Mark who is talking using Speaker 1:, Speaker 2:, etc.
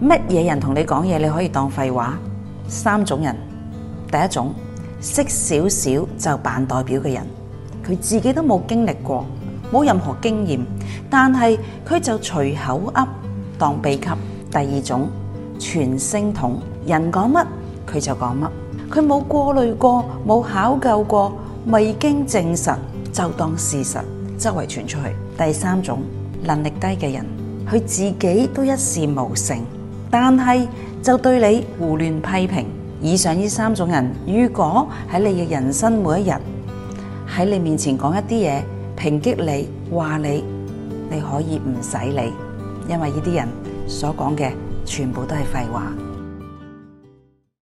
Speaker 1: 乜嘢人同你講嘢你可以當廢話？三種人：第一種識少少就扮代表嘅人，佢自己都冇經歷過，冇任何經驗，但係佢就隨口噏當秘笈；第二種傳聲筒，人講乜佢就講乜，佢冇過濾過，冇考究過，未經證實就當事實周圍傳出去；第三種能力低嘅人，佢自己都一事無成。但係就對你胡亂批評，以上呢三種人，如果喺你嘅人生每一日，喺你面前講一啲嘢，抨擊你，話你，你可以唔使理，因為呢啲人所講嘅
Speaker 2: 全部都係廢話。